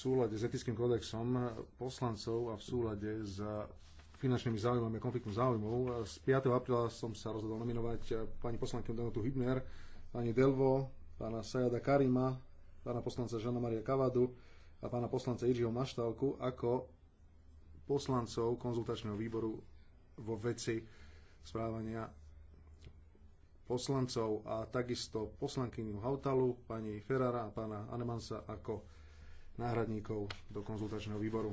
súlade s etickým kódexom poslancov a v súlade s finančnými záujmami a konfliktom záujmov. Z 5. apríla som sa rozhodol nominovať pani poslankyňu Danotu Hibner, pani Delvo, pána Sajada Karima, pána poslanca Žana Maria Kavadu a pána poslanca Iržiho Maštálku ako poslancov konzultačného výboru vo veci správania poslancov a takisto poslankyňu Hautalu, pani Ferrara a pána Anemansa ako náhradníkov do konzultačného výboru.